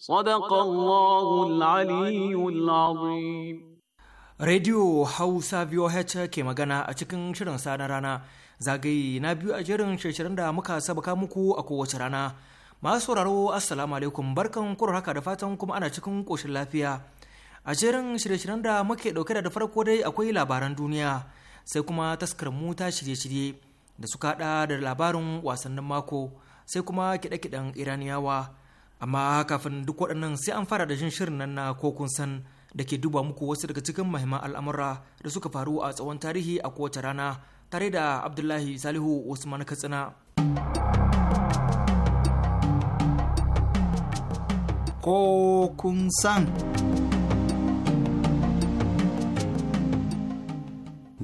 صدق Radio Hausa VOH ke magana a cikin shirin sa na rana zagaye na biyu a jerin shirin da muka sabaka muku a kowace rana. Masu sauraro Assalamu alaikum barkan kurar haka da fatan kuma ana cikin ƙoshin lafiya. A jerin shirye-shiryen da muke ɗauke da farko dai akwai labaran duniya sai kuma taskar mu ta shirye-shirye da suka haɗa da labarin wasannin mako sai kuma kiɗe-kiɗen Iraniyawa. amma kafin duk waɗannan sai an fara da jin shirin nan na ko kun san da ke duba muku wasu daga cikin mahimman al'amura da suka faru a tsawon tarihi a kowace rana tare da abdullahi salihu usman katsina ko san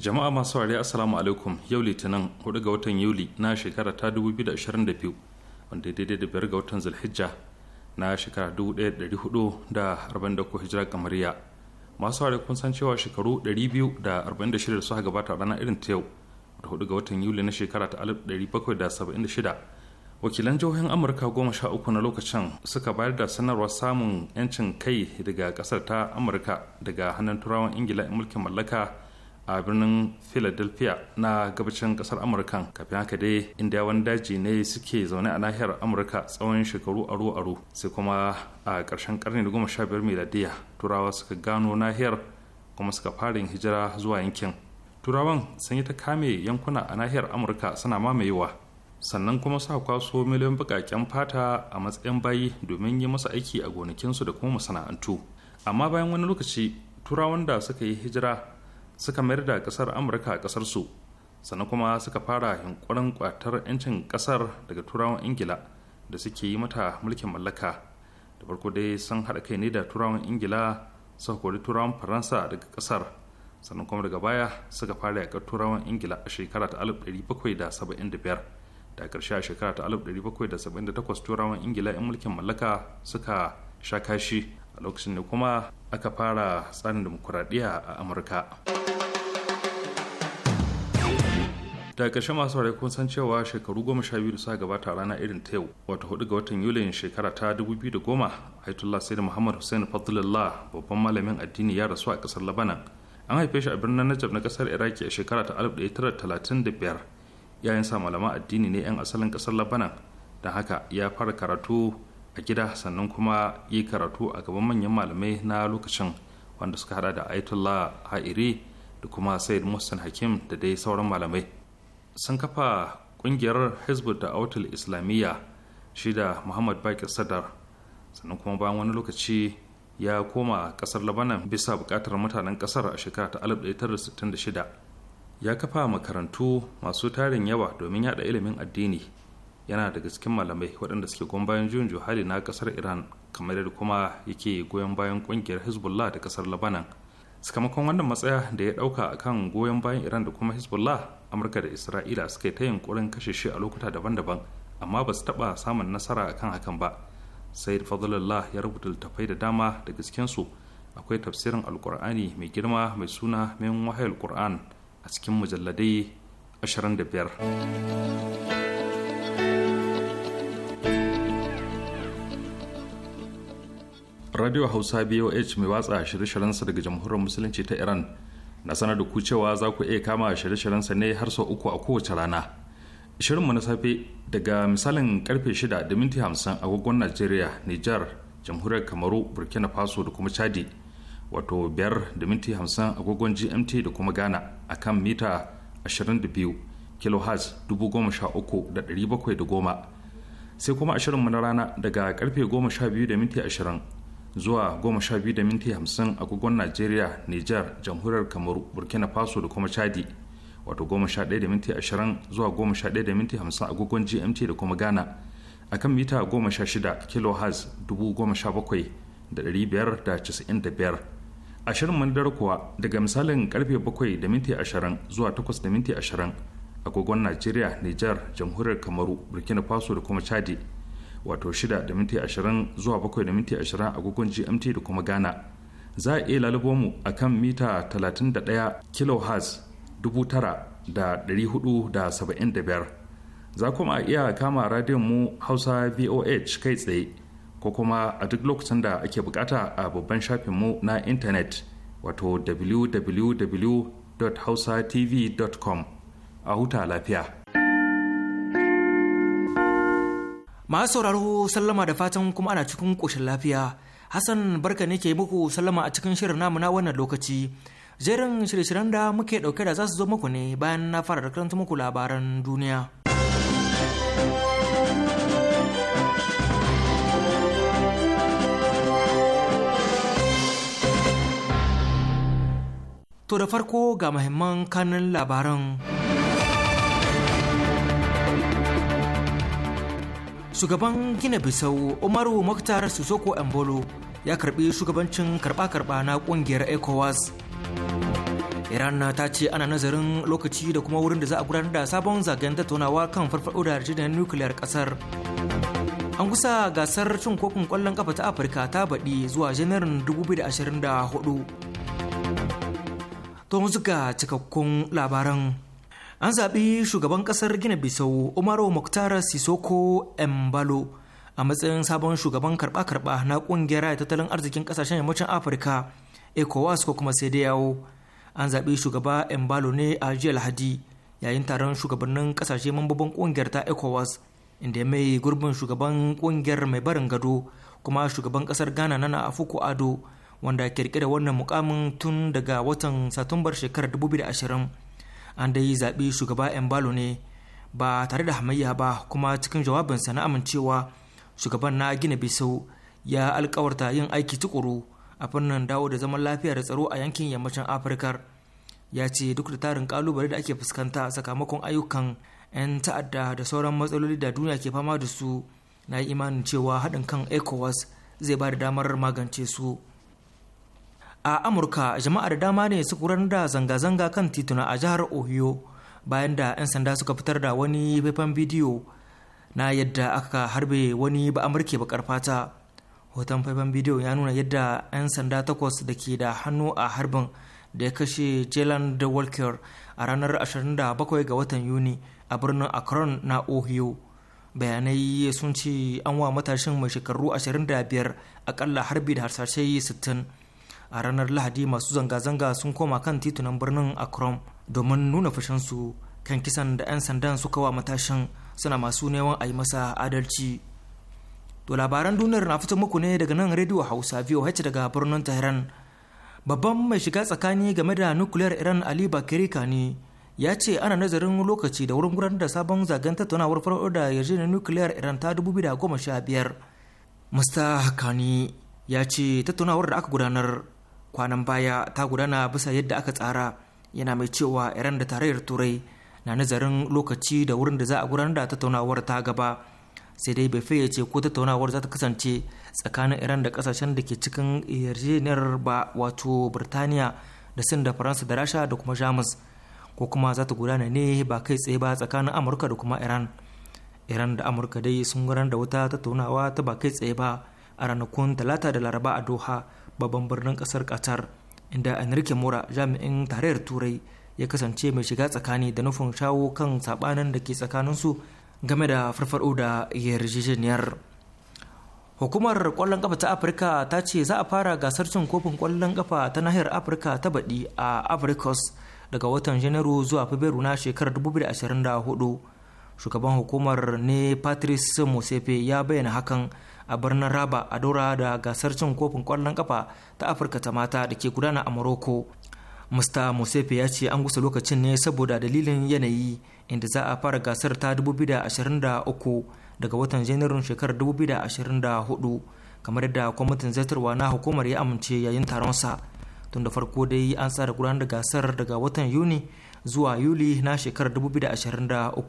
jama'a masu wari assalamu alaikum yau litinin 4 ga watan yuli na shekara ta 2022 wanda daidai da biyar ga watan zulhijja na shekara 1443 hijira kamariya masu ware kun san cewa shekaru 246 da suka gabata a ranar irin ta yau da hudu ga watan yuli na shekara ta 1776 wakilan jihohin amurka goma sha uku na lokacin suka bayar da sanarwar samun yancin kai daga kasar ta amurka daga hannun turawan ingila mulkin mallaka a birnin philadelphia na gabashin kasar amurka kafin haka dai inda yawan daji ne suke zaune a nahiyar amurka tsawon shekaru aro aro sai kuma a ƙarshen karni da goma sha biyar miladiya turawa suka gano nahiyar kuma suka fara yin hijira zuwa yankin turawan sun yi ta kame yankuna a nahiyar amurka suna mamayewa sannan kuma suka kwaso miliyan bukaken fata a matsayin bayi domin yi masa aiki a gonakinsu da kuma masana'antu amma bayan wani lokaci turawan da suka yi hijira suka mayar da kasar amurka kasar su sannan kuma suka fara yunkurin kwatar 'yancin kasar daga turawan ingila da suke yi mata mulkin mallaka da farko dai sun haɗa kai ne da turawan ingila suka kori turawan faransa daga kasar sannan kuma daga baya suka fara yakar turawan ingila a shekara ta 1775 da karshe a shekara ta 1778 turawan ingila 'yan mulkin mallaka suka sha kashi a lokacin ne kuma aka fara tsarin demokuraɗiyya a amurka daga ƙarshe masu ware kun san cewa shekaru goma sha biyu da suka gabata rana irin ta yau wata hudu ga watan yulin shekara ta dubu biyu da goma aitullah sai da muhammad hussein fadlallah babban malamin addini ya rasu a ƙasar labanan an haife shi a birnin najab na ƙasar iraki a shekara ta alif ɗaya tara talatin da biyar yayin sa malaman addini ne 'yan asalin ƙasar labanan da haka ya fara karatu a gida sannan kuma yi karatu a gaban manyan malamai na lokacin wanda suka hada da Ayatollah Ha'iri da kuma Said musan Hakim da dai sauran malamai. Sun kafa kungiyar Hizbut da Autul Islamiyya shi da Muhammad Bakir Sadar sannan kuma bayan wani lokaci ya koma kasar Labanan bisa bukatar mutanen kasar a shekara ta 1966. Ya kafa makarantu masu tarin yawa domin yada ilimin addini yana da cikin malamai waɗanda suke goyon bayan juyin juhali na ƙasar iran kamar yadda kuma yake goyon bayan ƙungiyar hezbollah da ƙasar labanan sakamakon wannan matsaya da ya ɗauka akan goyon bayan iran da kuma hezbollah amurka da isra'ila suka yi ta yunkurin kashe shi a lokuta daban-daban amma ba su taɓa samun nasara akan hakan ba sai fadlallah ya rubuta littattafai da dama da daga su akwai tafsirin alkur'ani mai girma mai suna min wahayar qur'an a cikin mujalladai 25 radio hausa boh mai watsa shirye-shiryensa daga jamhuriyar musulunci ta iran na sanar da ku cewa za ku iya kama shirye-shiryensa ne har sau uku a kowace rana shirinmu na safe daga misalin karfe 6 da minti 50 agogon najeriya nijar jamhuriyar kamaru burkina faso da kuma chadi wato biyar da minti 50 agogon gmt da kuma ghana a kan mita 22 kilohertz goma sai kuma ashirinmu na rana daga karfe 12:20 zuwa 12:50 agogon najeriya niger jamhuriyar kamaru burkina faso da kuma chadi wato 11:20 zuwa 11:50 agogon gmt da kuma ghana a kan mita 16 kilohertz biyar ashirin mandar kuwa daga misalin karfe bakwai da minti ashirin zuwa takwas da minti ashirin. agogon najeriya nijar jamhuriyar kamaru burkina faso da kuma chadi wato 6 da minti 20 zuwa 7 da minti 20 agogon gmt da kuma ghana za a iya lalubo mu a kan mita 31 kHz 9475 za kuma a iya kama radiyon mu hausa voh kai tsaye ko kuma a duk lokacin da ake bukata a babban shafin mu na intanet wato www.hausatv.com a huta lafiya. Masu sauraro sallama da fatan kuma ana cikin ƙoshin lafiya. Hassan barka ne ke muku sallama a cikin shirin namu na wannan lokaci. Jerin shirye-shiryen da muke ɗauke da za su zo muku ne bayan na fara da karanta muku labaran duniya. To da farko ga mahimman kanin labaran. shugaban gina bisau umaru muktar sisoko embolo ya karbi shugabancin karba-karba na kungiyar ecowas iran ta ce ana nazarin lokaci da kuma wurin da za a gudanar da sabon zagayen tattaunawa kan farfaɗo da yarjejeniyar nukiliyar ƙasar an kusa gasar cin kofin kwallon kafa ta afirka ta baɗi zuwa janairun 2024 to cikakkun labaran an zaɓi shugaban ƙasar gina bisau umaru muktar sisoko embalo a matsayin sabon shugaban karɓa-karɓa na ƙungiyar tattalin arzikin ƙasashen yammacin afirka ecowas ko kuma sai yawo an zaɓi shugaba embalo ne a jiya lahadi yayin taron shugabannin ƙasashe mambobin ƙungiyar ta ecowas inda ya mai gurbin shugaban ƙungiyar mai barin gado kuma shugaban ƙasar ghana nana afuku ado wanda da wannan mukamin tun daga watan satumbar shekarar 2020 an dai zaɓe shugaba embalo ne ba tare da hamayya ba kuma cikin jawabinsa na amincewa shugaban na gina bisau ya alkawarta yin aiki tukuru a fannin dawo da zaman lafiya da tsaro a yankin yammacin afirka ya ce duk da tarin kalubale da ake fuskanta sakamakon ayyukan 'yan ta'adda da sauran matsaloli da duniya ke fama da su na yi imanin cewa haɗin kan ecowas zai ba da damar magance su a amurka jama'a da dama ne suka gudanar da zanga-zanga kan tituna a jihar ohio bayan da 'yan sanda suka fitar da wani faifan bidiyo na yadda aka harbe wani ba amurke bakar fata hoton faifan bidiyo ya nuna yadda 'yan sanda takwas da ke da hannu a harbin da ya kashe jalan da walker a ranar 27 ga watan yuni a birnin akron na ohio bayanai sun ce an wa matashin mai shekaru 25 akalla harbi da harsashe 60 a ranar lahadi masu zanga-zanga sun koma kan titunan birnin crom domin nuna fushinsu kan kisan da 'yan sandan suka wa matashin suna masu neman a yi masa adalci to labaran duniyar na fito muku ne daga nan rediyo hausa voh daga birnin tehran babban mai shiga tsakani game da nukiliyar iran ali bakari kani ya ce ana nazarin lokaci da wurin gudanar da sabon zagen tattaunawar farko da yarjejeniyar nukiliyar iran ta dubu 2015 mr kani ya ce tattaunawar da aka gudanar kwanan baya ta gudana bisa yadda aka tsara yana mai cewa iran da tarayyar turai na nazarin lokaci da wurin da za a gudanar da tattaunawar ta gaba sai dai bai fayyace ko tattaunawar za ta kasance tsakanin iran da kasashen da ke cikin yarjejeniyar ba wato birtaniya da sin da faransa da rasha da kuma jamus ko kuma za ta gudana ne ba kai tsaye ba tsakanin amurka da kuma iran iran da amurka dai sun gudanar da wata tattaunawa ta ba kai tsaye ba a ranakun talata da laraba a doha babban birnin kasar qatar inda enrique mora jami'in tarayyar turai ya kasance mai shiga tsakani da nufin shawo kan sabanin da ke tsakanin su game da farfado da yarjejeniyar hukumar kwallon kafa ta afirka ta ce za a fara gasar cin kofin kwallon kafa ta nahiyar afirka ta baɗi a africos daga watan janairu zuwa fabrairu na shekarar 2024 shugaban hukumar ne patrice musefe ya bayyana hakan a birnin raba a daura da gasar cin kofin kwallon kafa ta afirka ta mata da ke gudana a morocco mr musefe ya ce an gusa lokacin ne saboda dalilin yanayi inda za a fara gasar ta 2023 daga watan janairun shekarar 2024 kamar yadda kwamitin zartarwa na hukumar ya amince yayin taronsa tun da farko dai an tsara gudanar da gasar daga watan yuni zuwa yuli na shekarar 2023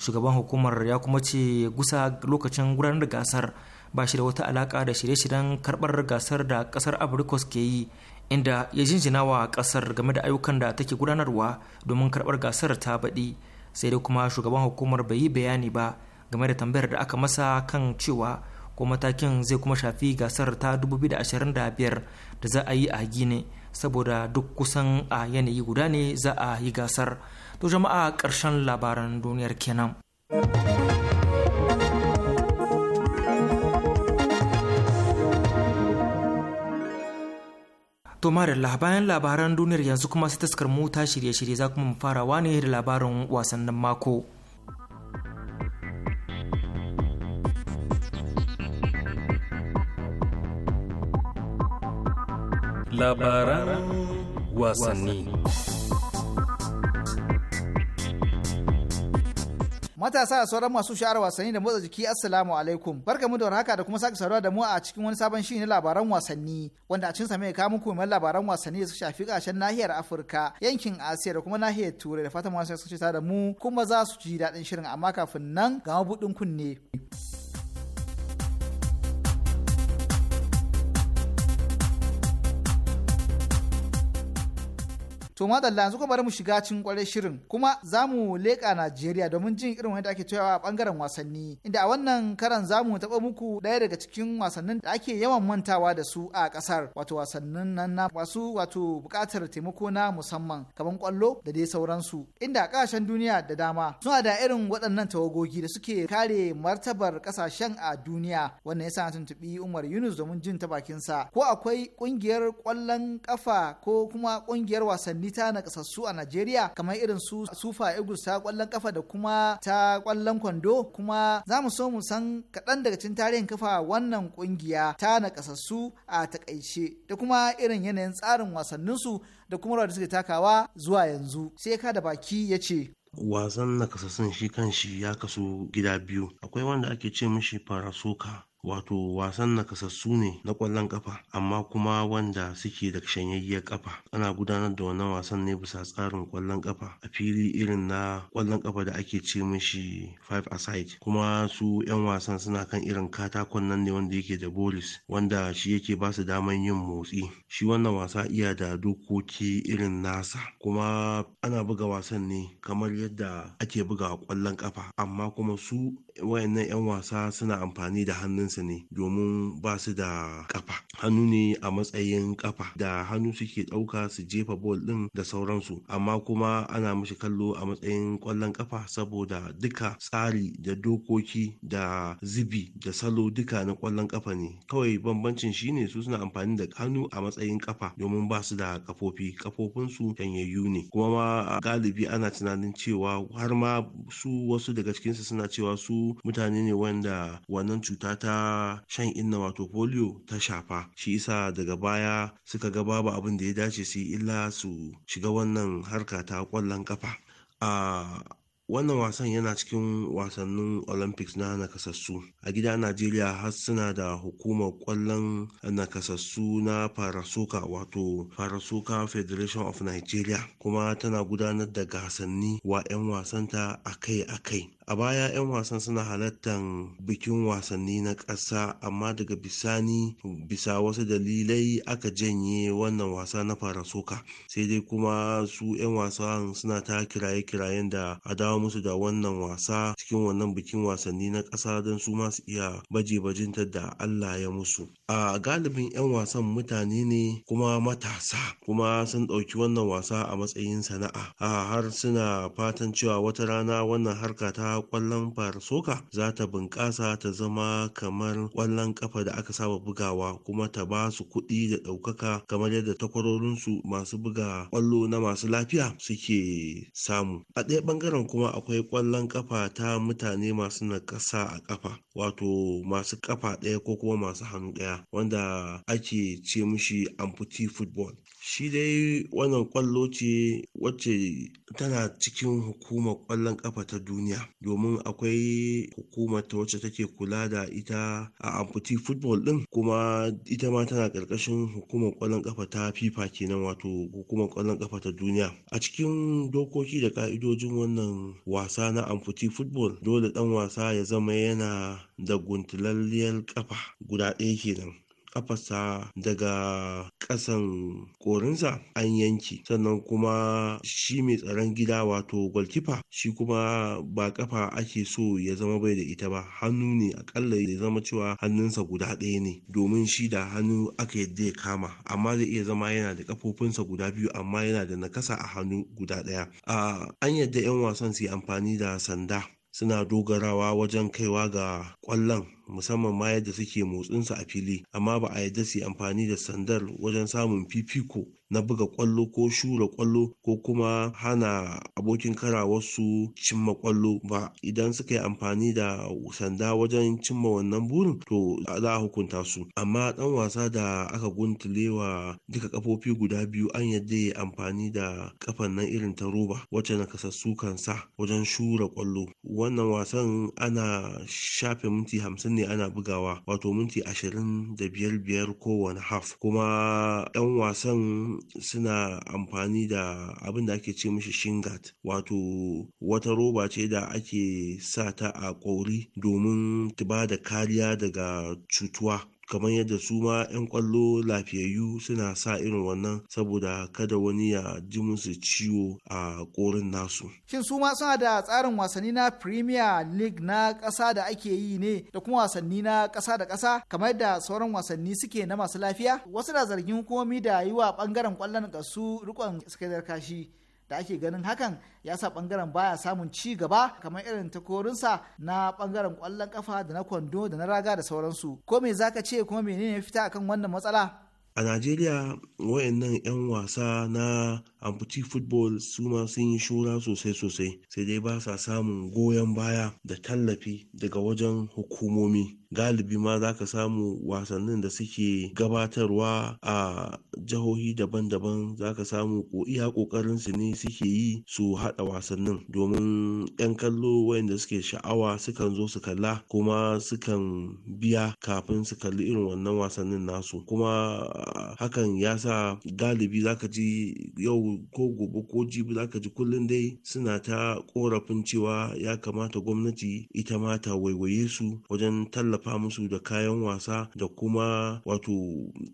shugaban hukumar ya kuma ce gusa lokacin gudanar da gasar ba shi da wata alaka da shirye-shiryen karbar gasar da kasar abrikos ke yi inda ya jinjina wa kasar game da ayyukan da take gudanarwa domin karbar gasar ta baɗi sai dai kuma shugaban hukumar bai yi bayani ba game da tambayar da aka masa kan cewa ko matakin zai kuma shafi gasar ta 2025 da za a yi a gine saboda duk kusan a yanayi guda ne za a yi gasar to jama'a ƙarshen labaran duniyar kenan to marilla bayan labaran duniyar yanzu kuma sai taskar ta shirye-shirye za kuma mu farawa ne da labarin wasannin mako labaran wasanni matasa da sauran masu sha'ar wasanni da motsa jiki assalamu alaikum barka mu da haka da kuma sake saduwa da mu a cikin wani sabon shi na labaran wasanni wanda a cikin sa mai kawo muku mai labaran wasanni da su shafi kashen nahiyar afirka yankin asiya da kuma nahiyar turai da fatan masu suka ce da mu kuma za su ji daɗin shirin amma kafin nan ga mabuɗin kunne. To madalla yanzu kuma bari mu shiga cikin kwarai shirin kuma za mu leƙa Najeriya domin jin irin wanda ake toyawa a bangaren wasanni inda a wannan karan za mu taɓa muku ɗaya daga cikin wasannin da ake yawan mantawa da su a ƙasar wato wasannin nan na masu wato buƙatar taimako na musamman kamar kwallo da dai sauransu inda a ƙasashen duniya da dama suna da irin waɗannan tawagogi da suke kare martabar ƙasashen a duniya wannan yasa tuntuɓi Umar Yunus domin jin ta bakinsa ko akwai ƙungiyar ƙwallon ƙafa ko kuma ƙungiyar wasanni wasanni ta nakasassu a Najeriya kamar irin su Sufa igus ta kwallon kafa da kuma ta kwallon kwando kuma za mu so mu san kaɗan daga cikin tarihin kafa wannan kungiya ta nakasassu a takaice da kuma irin yanayin tsarin wasanninsu da kuma rawar da suke takawa zuwa yanzu sai ka da baki ya ce wasan nakasassun shi kanshi ya kasu gida biyu akwai wanda ake ce mishi farasoka wato wasan nakasassu ne na ƙwallon ƙafa amma kuma wanda suke da shanyayyar ƙafa ana gudanar da wannan wasan ne bisa tsarin ƙwallon ƙafa a fili irin na ƙwallon ƙafa da ake ce mishi five aside kuma su 'yan wasan suna kan irin katakon nan ne wanda yake da bolis wanda shi yake ba su daman yin motsi shi wannan wasa iya da dokoki irin nasa kuma ana buga wasan ne kamar yadda ake buga ƙwallon ƙafa amma kuma su wayannan 'yan wasa suna amfani da hannunsa ne domin ba su da kafa hannu ne a matsayin kafa da hannu suke ɗauka su jefa bol ɗin da sauransu amma kuma ana mashi kallo a matsayin ƙwallon kafa saboda duka tsari da dokoki da zibi da salo duka na ƙwallon kafa ne kawai bambancin shine su suna amfani da hannu a matsayin kafa domin ba su da kafofi kafofinsu shanyayyu ne kuma ma galibi ana tunanin cewa har ma su wasu daga cikinsu suna cewa su mutane ne wanda wannan cuta ta shan inna wato polio ta shafa shi isa daga baya suka ga babu abin da ya dace su illa su shiga wannan harka ta kwallon kafa ah, wannan wasan yana cikin wasannin olympics na nakasassu a gida najeriya har suna da hukumar kwallon nakasassu na farasuka wato farasuka federation of nigeria kuma tana gudanar da gasanni wa 'yan wasanta akai-akai a baya 'yan wasan suna halartar bikin wasanni na ƙasa amma daga bisani bisa wasu dalilai aka janye wannan wasa na farasoka sai dai kuma su 'yan wasan suna ta kiraye-kirayen da a musu da wannan wasa cikin wannan bikin wasanni na ƙasa don su masu iya baje bajinta da Allah ya musu. A galibin 'yan wasan mutane ne kuma matasa kuma sun ɗauki wannan wasa a matsayin sana'a. A har suna fatan cewa wata rana wannan harka ta ƙwallon farsoka za ta bunƙasa ta zama kamar ƙwallon ƙafa da aka saba bugawa kuma ta ba su kuɗi da ɗaukaka kamar yadda takwarorinsu masu buga ƙwallo na masu lafiya suke samu. A ɗaya ɓangaren kuma kuma akwai ƙwallon ƙafa ta mutane masu nakasa a ƙafa wato masu ƙafa ɗaya ko kuma masu hannu ɗaya wanda ake ce mushi amputee football shi dai wannan kwallo ce wacce tana cikin hukumar kwallon kafa ta duniya domin akwai hukumar ta wacce take kula da ita a amputi football din kuma ita ma tana ƙarƙashin hukumar kwallon kafa ta fifa kenan wato hukumar kwallon kafa ta duniya a cikin dokoki da ƙa'idojin wannan wasa na amputi football dole ɗan wasa ya zama yana da guntulalliyar ƙafa guda ɗaya kenan kafarsa daga ƙasan korinsa an yanke sannan kuma shi mai tsaron gida wato golkifa shi kuma ba ƙafa ake so ya zama bai da ita ba hannu ne akalla ya zama cewa hannunsa guda ɗaya ne domin shi da hannu aka yadda ya kama amma zai iya zama yana da kafofinsa guda biyu amma yana da nakasa a hannu guda ɗaya a an yadda 'yan wasan su yi amfani da sanda suna dogarawa wajen kaiwa ga ƙwallon musamman ma yadda suke motsinsu a fili amma ba a yadda su amfani da sandar wajen samun fifiko na buga kwallo ko shura kwallo ko kuma hana abokin kara wasu cimma kwallo ba idan suka yi amfani da sanda wajen cimma wannan burin to za a hukunta su amma dan wasa da aka guntulewa duka kafofi guda biyu an yadda ya amfani da kafan nan irin ta roba wacce na kasassu kan sa wajen shura kwallo wannan wasan ana shafe minti hamsin ne ana bugawa wato minti ashirin da biyar biyar kowane half kuma 'yan wasan suna amfani da abin da ake ce mishi shingat wato wata roba ce da ake sa ta a kori domin ta ba da kariya daga cutuwa kamar yadda su ma 'yan kwallo lafiyayyu suna sa irin wannan saboda kada wani ya ji musu ciwo a korin nasu. Shin su ma suna da tsarin wasanni na Premier League na ƙasa da ake yi ne da kuma wasanni na ƙasa da ƙasa kamar yadda sauran wasanni suke na masu lafiya? Wasu da zargin hukumomi da yi wa ɓangaren kwallon ga su rikon sakaitar kashi. da ake ganin hakan ya sa bangaren baya samun ci gaba kamar irin takorinsa na bangaren kwallon kafa da na kwando da na raga da sauransu ko me zaka ce kuma menene ya fita akan wannan matsala a najeriya wayannan 'yan wasa na amputi football su ma sun yi shura sosai sosai sai dai ba sa samun goyon baya da tallafi daga wajen hukumomi galibi ma za ka samu wasannin da suke gabatarwa a jihohi daban-daban za ka samu iya kokarin su ne suke yi su haɗa wasannin domin 'yan kallo wayanda suke sha'awa sukan zo su kalla kuma sukan biya kafin su kalli irin wannan wasannin nasu kuma hakan ya sa galibi zaka ji yau ko gobe ko jibi zaka ji kullum dai suna ta korafin cewa ya kamata gwamnati ita ma ta waiwaye su wajen tallafa musu da kayan wasa da kuma wato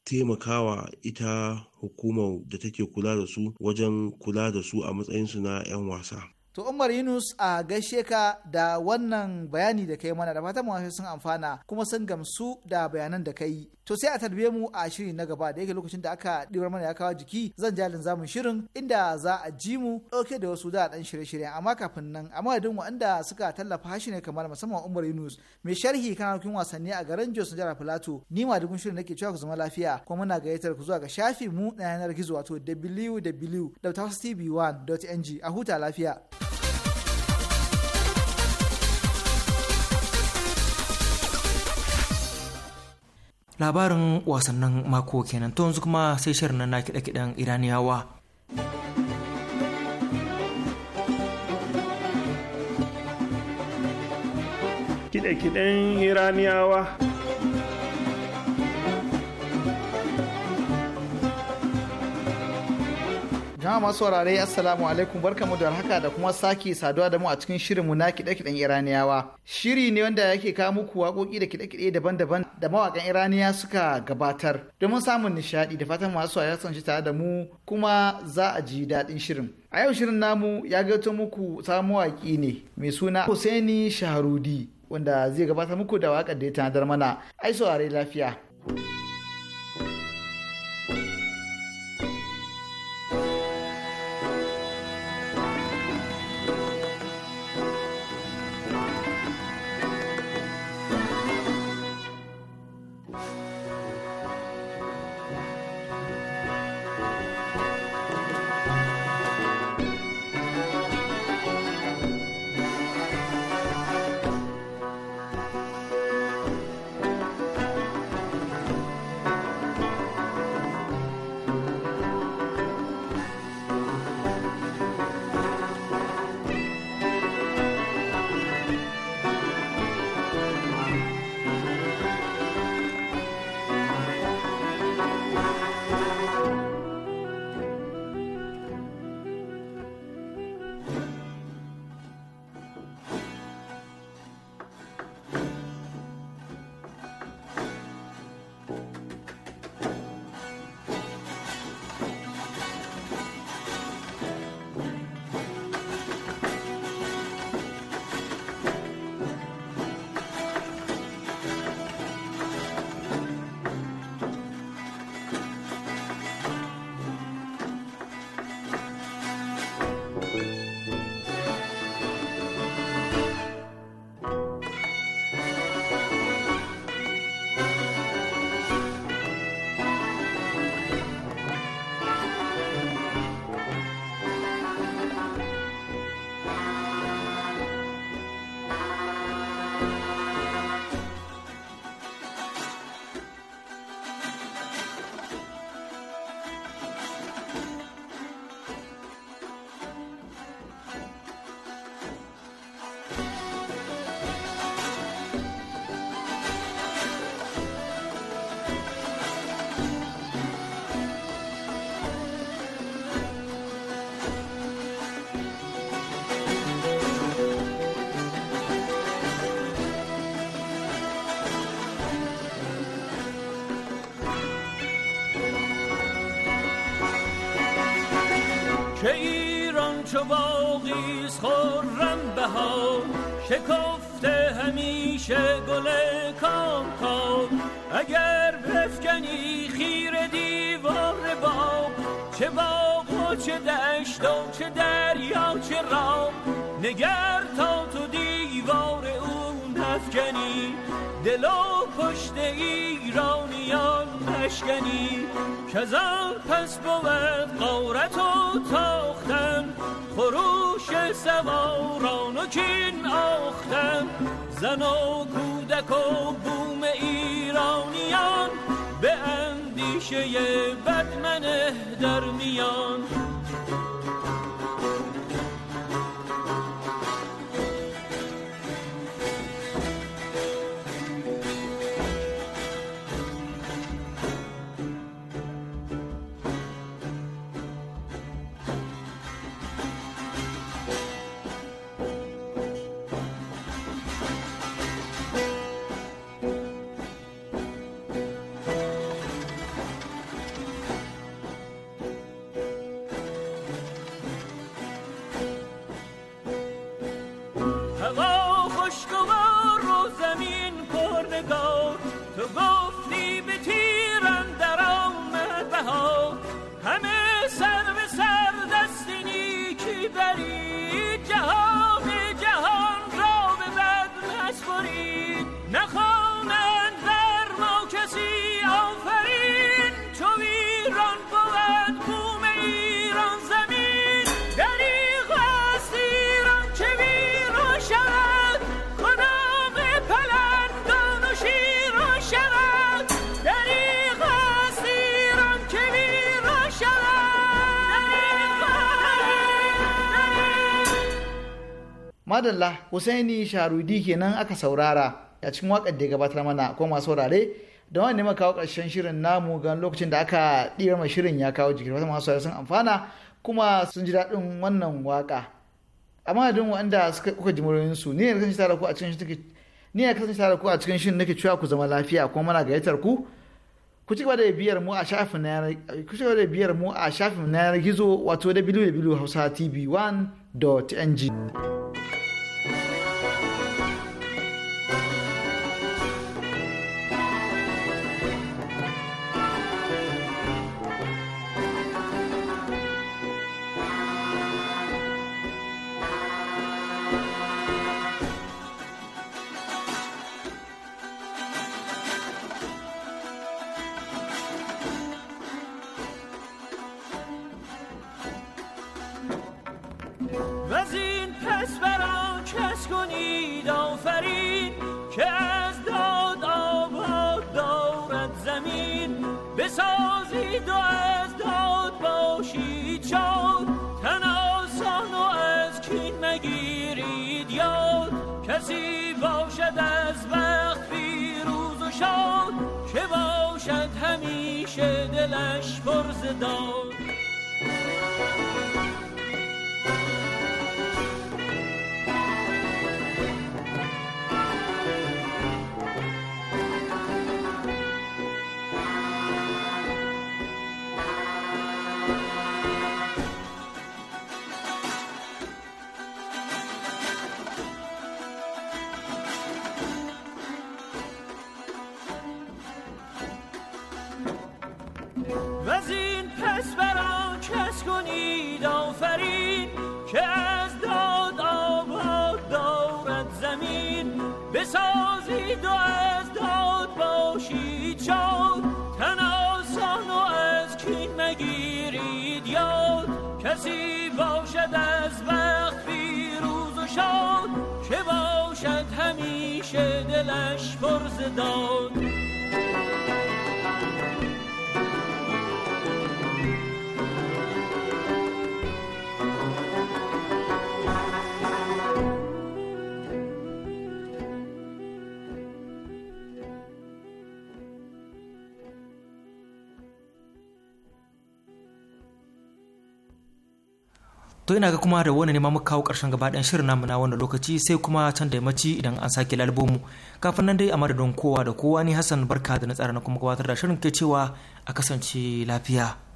taimakawa ita hukumar da take kula da su wajen kula da su a matsayinsu na 'yan wasa. To Umar Yunus a gaishe ka da wannan bayani da kai mana da fatan masu sun amfana kuma sun gamsu da bayanan da kai. to sai a tarbe mu a shiri na gaba da yake lokacin da aka ɗibar mana ya kawo jiki zan jalin zamun shirin inda za a ji mu ɗauke da wasu da ɗan shirye-shiryen amma kafin nan a madadin waɗanda suka tallafa hashi ne kamar musamman Umar Yunus mai sharhi kan harkokin wasanni a garin Jos Jihar filato ni ma dukkan shirin nake cewa ku zama lafiya kuma muna gayyatar ku zuwa ga shafi mu na yanar gizo wato www.tv1.ng a huta lafiya. labarin wasannin mako kenan to yanzu kuma sai shirin na kiɗe-kiɗen iraniyawa kiɗe-kiɗen iraniyawa jama'a masu warare assalamu alaikum barkamu da haka da kuma sake saduwa da mu a cikin shirin mu na kiɗe-kiɗen iraniyawa shiri ne wanda yake kawo muku waƙoƙi da kiɗe-kiɗe daban-daban da mawaƙan iraniya suka gabatar domin samun nishaɗi da fatan masu ya sun shi tare da mu kuma za a ji daɗin shirin a yau shirin namu ya gato muku sabon mawaƙi ne mai suna Hussaini Shaharudi wanda zai gabatar muku da waƙar da ya tanadar mana ai saurare lafiya. چو باغیز خورم بهار شکفته همیشه گل کام کام اگر بفکنی خیر دیوار باغ چه باغ و چه دشت و چه دریا چه راه نگر تا تو دیوار اون نفکنی دل و پشت ایرانیان اشکنی که پس بود قورت و تاختن خروش سواران و کین آختن زن و کودک و بوم ایرانیان به اندیشه بدمنه در میان for the to go free between. madalla husaini sharudi kenan aka saurara a cikin wakar da gabatar mana ko masu saurare da wani ne kawo karshen shirin namu gan lokacin da aka ɗira mai shirin ya kawo jikin wata masu sun amfana kuma sun ji daɗin wannan waka amma da wanda suka kuka ji muryoyin su ne kasance tare ku a cikin shirin ni ne kasance tare ku a cikin shirin nake cewa ku zama lafiya kuma mana gayyatar ku ku ci gaba da biyar mu a shafin na ku ci gaba da biyar mu a shafin na gizo wato www.hausatv1.ng که از داد آباد دارد زمین بسازید و از داد باشید شاد تن آسان و از کین مگیرید یاد کسی باشد از وقت فیروز و شاد که باشد همیشه دلش پرز داد کسی باشد از وقت فیروز و شاد چه باشد همیشه دلش پرز داد to ina ga kuma da wani ne ma muka kawo karshen gaba ɗayan shirin namu na wannan lokaci sai kuma can da yammaci idan an sake lalbomu kafin nan dai a madadin kowa da kowa ni Hassan barka da na tsara na kuma gabatar da shirin ke cewa a kasance lafiya